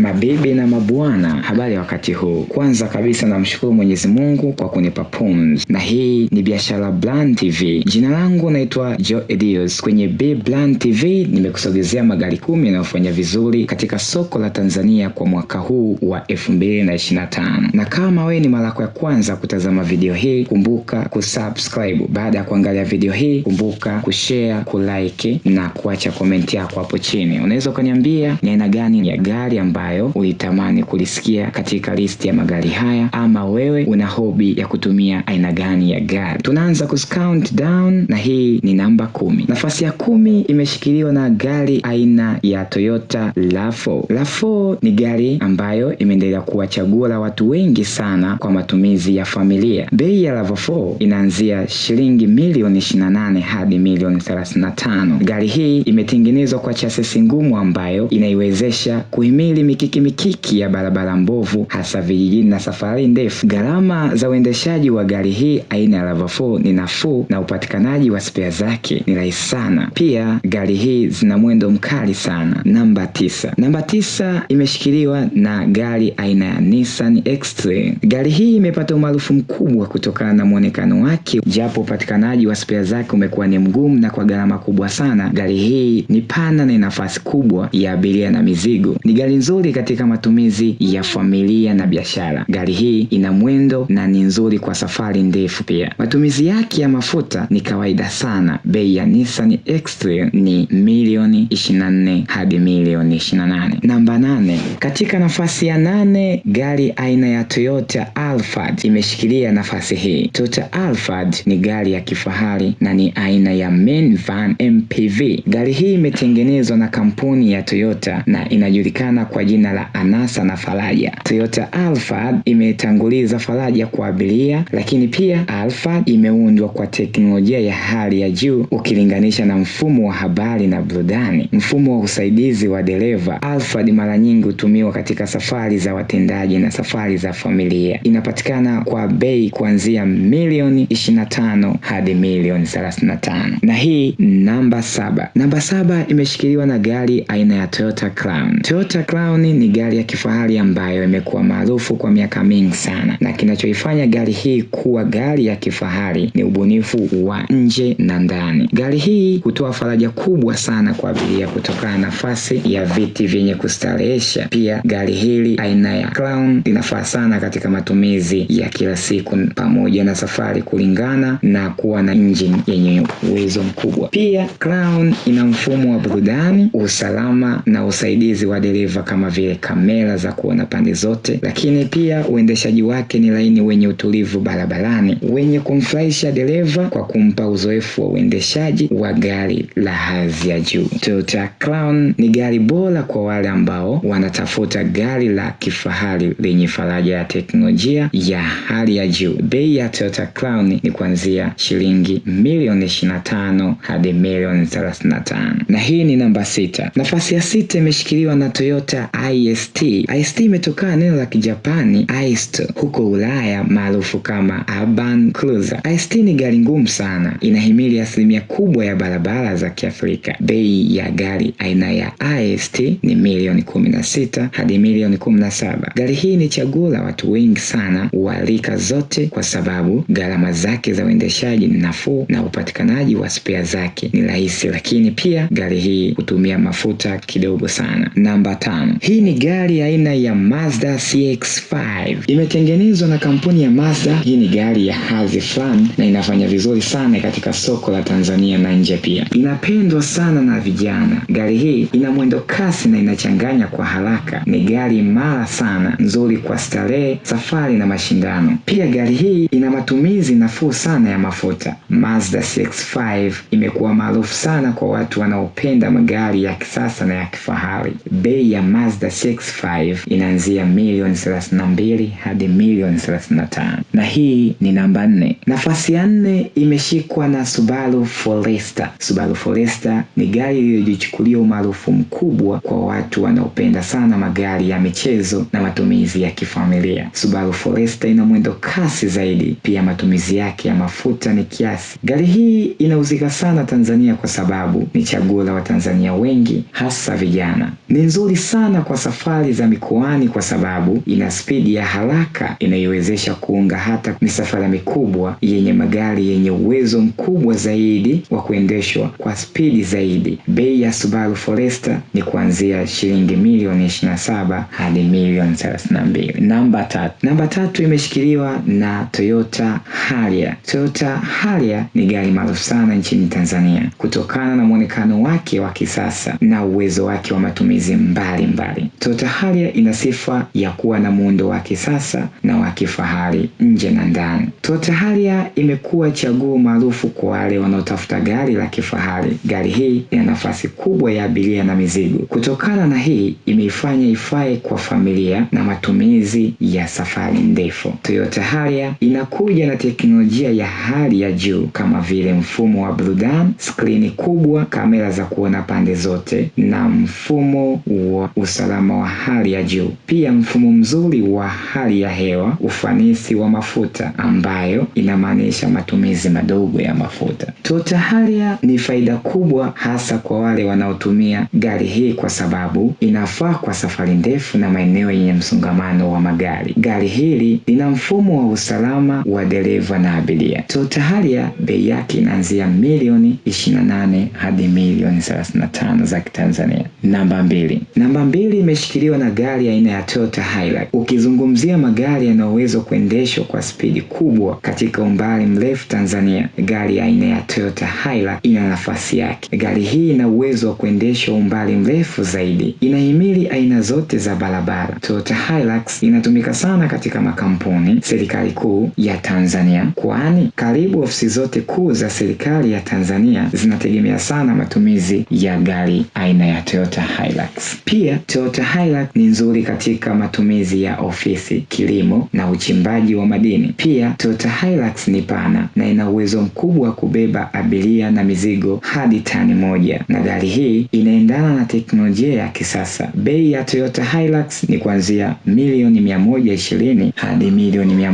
Mabibi na mabwana, habari ya wakati huu. Kwanza kabisa namshukuru Mwenyezi Mungu kwa kunipa pumzi, na hii ni Biashara Brand TV. Jina langu naitwa Joe Edios. Kwenye B Brand TV nimekusogezea magari kumi yanayofanya vizuri katika soko la Tanzania kwa mwaka huu wa 2025. Na kama wewe ni mara yako ya kwanza kutazama video hii, kumbuka kusubscribe. Baada ya kuangalia video hii, kumbuka kushare, kulike na kuacha komenti yako hapo chini. Unaweza ukaniambia ni aina gani ya gari ambayo ambayo ulitamani kulisikia katika listi ya magari haya, ama wewe una hobi ya kutumia aina gani ya gari. Tunaanza kuscount down na hii ni namba kumi. Nafasi ya kumi imeshikiliwa na gari aina ya Toyota RAV4. RAV4 ni gari ambayo imeendelea kuwa chaguo la watu wengi sana kwa matumizi ya familia. Bei ya RAV4 inaanzia shilingi milioni 28 hadi milioni 35. Gari hii imetengenezwa kwa chasisi ngumu ambayo inaiwezesha kuhimili mikiki mikiki ya barabara mbovu, hasa vijijini na safari ndefu. Gharama za uendeshaji wa gari hii aina ya RAV4 ni nafuu na upatikanaji wa spea zake ni rahisi sana. Pia gari hii zina mwendo mkali sana. Namba tisa. Namba tisa imeshikiliwa na gari aina ya Nissan X-Trail. Gari hii imepata umaarufu mkubwa kutokana na mwonekano wake, japo upatikanaji wa spea zake umekuwa ni mgumu na kwa gharama kubwa sana. Gari hii ni pana na nafasi kubwa ya abiria na mizigo. Ni gari nzuri nzuri katika matumizi ya familia na biashara. Gari hii ina mwendo na ni nzuri kwa safari ndefu pia. Matumizi yake ya mafuta ni kawaida sana. Bei ya Nissan X-Trail ni milioni 24 hadi milioni 28. Namba nane. Katika nafasi ya nane, gari aina ya Toyota Alphard imeshikilia nafasi hii. Toyota Alphard ni gari ya kifahari na ni aina ya main van MPV. Gari hii imetengenezwa na kampuni ya Toyota na inajulikana kwa jina la anasa na faraja. Toyota Alphard imetanguliza faraja kwa abiria, lakini pia Alphard imeundwa kwa teknolojia ya hali ya juu ukilinganisha na mfumo wa habari na burudani. Mfumo wa usaidizi wa dereva Alphard mara nyingi hutumiwa katika safari za watendaji na safari za familia. Inapatikana kwa bei kuanzia milioni 25 hadi milioni 35. Na hii namba saba. Namba saba imeshikiliwa na gari aina ya Toyota Crown. Toyota Crown Falcon ni gari ya kifahari ambayo imekuwa maarufu kwa miaka mingi sana, na kinachoifanya gari hii kuwa gari ya kifahari ni ubunifu wa nje na ndani. Gari hii hutoa faraja kubwa sana kwa abiria kutokana na nafasi ya viti vyenye kustarehesha. Pia gari hili aina ya Crown linafaa sana katika matumizi ya kila siku pamoja na safari, kulingana na kuwa na injini yenye uwezo mkubwa. Pia Crown ina mfumo wa burudani, usalama na usaidizi wa dereva kama vile kamera za kuona pande zote, lakini pia uendeshaji wake ni laini, wenye utulivu barabarani, wenye kumfurahisha dereva kwa kumpa uzoefu wa uendeshaji wa gari la hadhi ya juu. Toyota Crown ni gari bora kwa wale ambao wanatafuta gari la kifahari lenye faraja ya teknolojia ya hali ya juu. Bei ya Toyota Crown ni kuanzia shilingi milioni 25 hadi milioni 35. Na hii ni namba sita. Nafasi ya sita imeshikiliwa na Toyota IST. IST imetokana neno la Kijapani Aist, huko Ulaya maarufu kama urban cruiser. IST ni gari ngumu sana, inahimili asilimia kubwa ya barabara za Kiafrika. Bei ya gari aina ya IST ni milioni 16 hadi milioni 17. Gari hii ni chaguo la watu wengi sana wa rika zote, kwa sababu gharama zake za uendeshaji ni nafuu na upatikanaji wa spea zake ni rahisi, lakini pia gari hii hutumia mafuta kidogo sana. Namba tano. Hii ni gari aina ya Mazda CX-5. Imetengenezwa na kampuni ya Mazda. Hii ni gari ya hadhi fulani na inafanya vizuri sana katika soko la Tanzania na nje pia. Inapendwa sana na vijana. Gari hii ina mwendo kasi na inachanganya kwa haraka. Ni gari imara sana, nzuri kwa starehe, safari na mashindano. Pia gari hii ina matumizi nafuu sana ya mafuta. Mazda CX-5 imekuwa maarufu sana kwa watu wanaopenda magari ya kisasa na ya kifahari. Bei ya Mazda 665 inaanzia milioni 32 hadi milioni 35, na hii ni namba 4. Nafasi ya nne imeshikwa na Subaru Forester. Subaru Forester ni gari iliyojichukulia umaarufu mkubwa kwa watu wanaopenda sana magari ya michezo na matumizi ya kifamilia. Subaru Forester ina mwendo kasi zaidi, pia matumizi yake ya mafuta ni kiasi. Gari hii inauzika sana Tanzania kwa sababu ni chaguo la Watanzania wengi hasa vijana. Ni nzuri sana kwa safari za mikoani kwa sababu ina spidi ya haraka inayowezesha kuunga hata misafara mikubwa yenye magari yenye uwezo mkubwa zaidi wa kuendeshwa kwa spidi zaidi. Bei ya Subaru Forester ni kuanzia shilingi milioni 27 hadi milioni 32. Namba tatu. Namba tatu imeshikiliwa na Toyota Harrier. Toyota Harrier ni gari maarufu sana nchini Tanzania kutokana na mwonekano wake wa kisasa na uwezo wake wa matumizi mbalimbali mbali gari. Toyota Harrier ina sifa ya kuwa na muundo wa kisasa na wa kifahari nje na ndani. Toyota Harrier imekuwa chaguo maarufu kwa wale wanaotafuta gari la kifahari. Gari hii ina nafasi kubwa ya abiria na mizigo. Kutokana na hii, imeifanya ifae kwa familia na matumizi ya safari ndefu. Toyota Harrier inakuja na teknolojia ya hali ya juu kama vile mfumo wa burudani, skrini kubwa, kamera za kuona pande zote na mfumo wa usalama wa hali ya juu, pia mfumo mzuri wa hali ya hewa, ufanisi wa mafuta ambayo inamaanisha matumizi madogo ya mafuta. Toyota Harrier ni faida kubwa hasa kwa wale wanaotumia gari hii kwa sababu inafaa kwa safari ndefu na maeneo yenye msongamano wa magari. Gari hili lina mfumo wa usalama wa dereva na abiria. Toyota Harrier bei yake inaanzia milioni 28 hadi milioni 35 za Kitanzania. Namba mbili. Namba mbili hili limeshikiliwa na gari aina ya Toyota Hilux. Ukizungumzia magari yanayoweza kuendeshwa kwa spidi kubwa katika umbali mrefu Tanzania, gari aina ya Toyota Hilux ina nafasi yake. Gari hii ina uwezo wa kuendeshwa umbali mrefu zaidi, inahimili aina zote za barabara. Toyota Hilux inatumika sana katika makampuni, serikali kuu ya Tanzania, kwani karibu ofisi zote kuu za serikali ya Tanzania zinategemea sana matumizi ya gari aina ya Toyota Hilux. Pia Toyota Hilux ni nzuri katika matumizi ya ofisi, kilimo na uchimbaji wa madini. Pia Toyota Hilux ni pana na ina uwezo mkubwa wa kubeba abiria na mizigo hadi tani moja, na gari hii inaendana na teknolojia ya kisasa. Bei ya Toyota Hilux ni kuanzia milioni ishirini hadi milioni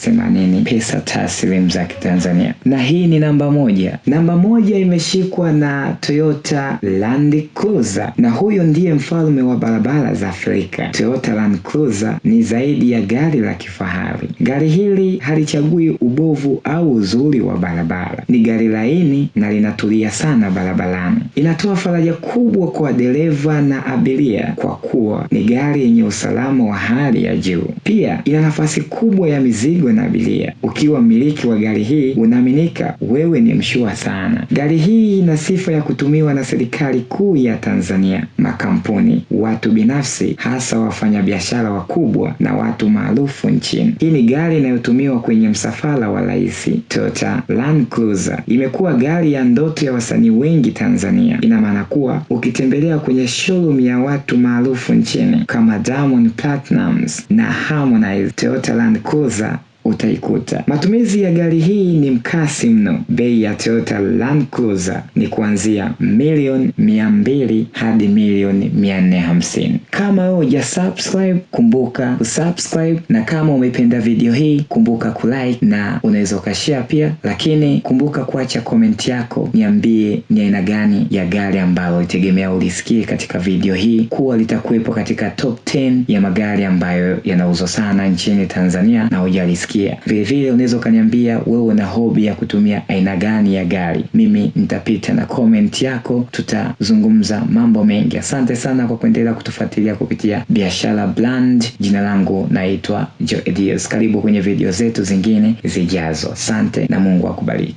themanini pesa taslimu za Kitanzania. Na hii ni namba moja. Namba moja imeshikwa na Toyota Land Cruiser, na huyo ndiye mfalme wa barabara za Afrika. Toyota Land Cruiser ni zaidi ya gari la kifahari. Gari hili halichagui ubovu au uzuri wa barabara. Ni gari laini na linatulia sana barabarani. Inatoa faraja kubwa kwa dereva na abiria kwa kuwa ni gari yenye usalama wa hali ya juu. Pia ina nafasi kubwa ya mizigo na abiria. Ukiwa mmiliki wa gari hii, unaaminika wewe ni mshua sana. Gari hii ina sifa ya kutumiwa na serikali kuu ya Tanzania, makampuni, watu watu binafsi, hasa wafanyabiashara wakubwa na watu maarufu nchini. Hii ni gari inayotumiwa kwenye msafara wa rais. Toyota Land Cruiser imekuwa gari ya ndoto ya wasanii wengi Tanzania. Ina maana kuwa ukitembelea kwenye showroom ya watu maarufu nchini kama Diamond Platnumz na Harmonize, Toyota Land Cruiser utaikuta. Matumizi ya gari hii ni mkasi mno. Bei ya Toyota Land Cruiser ni kuanzia milioni mia mbili hadi milioni mia nne hamsini. Kama wewe uja subscribe, kumbuka kusubscribe, na kama umependa video hii kumbuka kulike na unaweza ukashare pia, lakini kumbuka kuacha komenti yako, niambie ni aina gani ya gari ambayo itegemea ulisikie katika video hii kuwa litakuwepo katika top 10 ya magari ambayo yanauzwa sana nchini Tanzania na hujalisikia kupitia. Vile vile unaweza ukaniambia wewe una hobi ya kutumia aina gani ya gari, mimi nitapita na comment yako, tutazungumza mambo mengi. Asante sana kwa kuendelea kutufuatilia kupitia Biashara Brand. Jina langu naitwa Joe Diaz, Karibu kwenye video zetu zingine zijazo. Asante na Mungu akubariki.